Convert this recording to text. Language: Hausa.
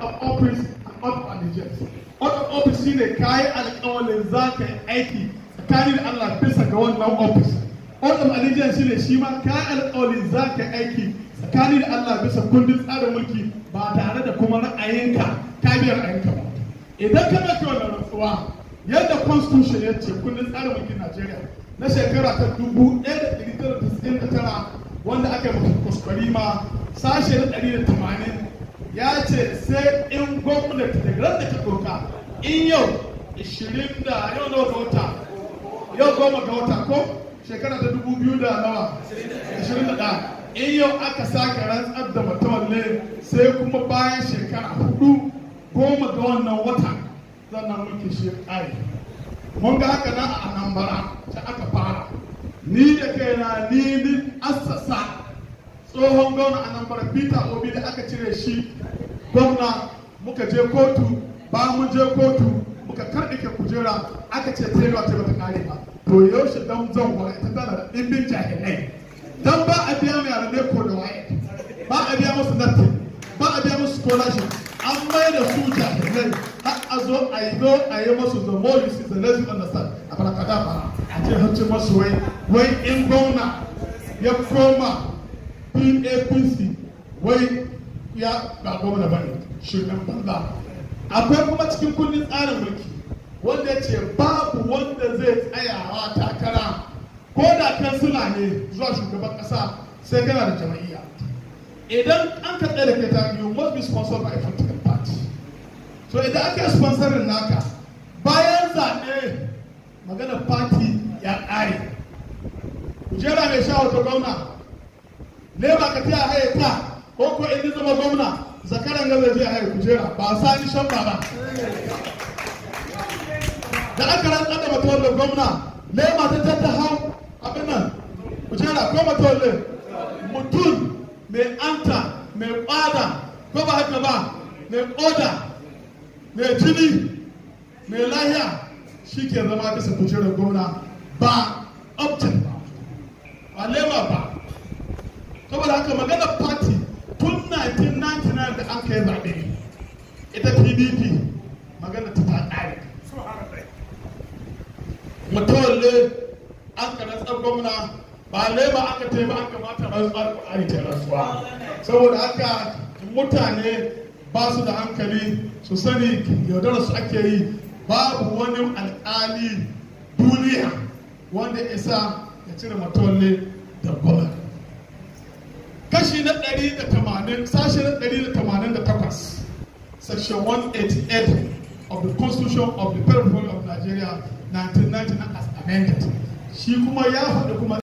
of office and of managers wanda office shine kayi alƙawarin za ka yi aiki tsakanin da Allah bisa ga wannan office wanda managers shine shi ma kayi alƙawarin za ka yi aiki tsakanin da Allah bisa kundin tsarin mulki ba tare da kuma ra'ayinka ka biyar ra'ayinka ba idan ka ɗauki wannan rantsuwa yadda constitution ya ce kundin tsarin mulkin Najeriya na shekara ta dubu ɗaya da ɗari tara da tara wanda aka yi mutum kuskurima sashe na ɗari da tamanin ya ce sai in gwamnati da ran da ta doka in yau 20 da yau nawa wata wata yau goma ga wata ko shekara ta dubu biyu da nawa 21 in yau aka sake rantsar da matawalle sai kuma bayan shekara hudu goma ga wannan wata zannan mulki shi ai mun ga haka na a bara ta aka fara ni da na ni ni assasa tsohon gwamna a nan peter obi da aka cire shi gwamna muka je kotu ba mu je kotu muka karɗike kujera aka ce taylor ta bata kare ba to yaushe dan zan wa ta tana da ɗimbin jahilai dan ba a biya mai arabe ko da waye ba a biya musu nafi ba a biya musu scholarship an mai da su jahilai har a zo a yi zo a yi musu the more you see the less you understand a kada ba a ce hancin masu wai wai in gwamna ya koma pa kunsi wai ya ba gwamna ba ne shugaban banza akwai kuma cikin kundin tsarin mulki wanda ce babu wanda zai tsayawa takara ko da kansila ne zuwa shugaban kasa sai kana da jama'iyya idan an ka tsaye da kai ta you must be sponsored by a political party so idan aka sponsorin naka bayan zaɓe magana party ya ƙare kujera mai sha wata gwamna ne ba ka fiya haye ta ko ko in zama gwamna zakaran ga zai haye kujera ba sa ni shan ba da aka rantsar da mutuwar da gwamna ne ma ta tatta hau abin nan kujera ko mutuwar ne mutum mai anta mai kwada ko ba haka ba mai koda mai jini mai lahiya shi ke zama bisa kujerar gwamna ba optin ba ba lema ba saboda haka magana party tun 1999 da an kai zaɓe ita pdp magana ta ɗari mutawalle an ka rantsar gwamna ba lema aka ta ba an kamata rantsar ƙwari ta rantsuwa saboda haka mutane ba su da hankali su sani yaudara su ake yi babu wani alƙali duniya wanda isa ya cire matawalle da gwamna kashi na 180 sashi na 188 section 188 of the constitution of the federal republic of nigeria 1999 as amended shi kuma ya faɗi kuma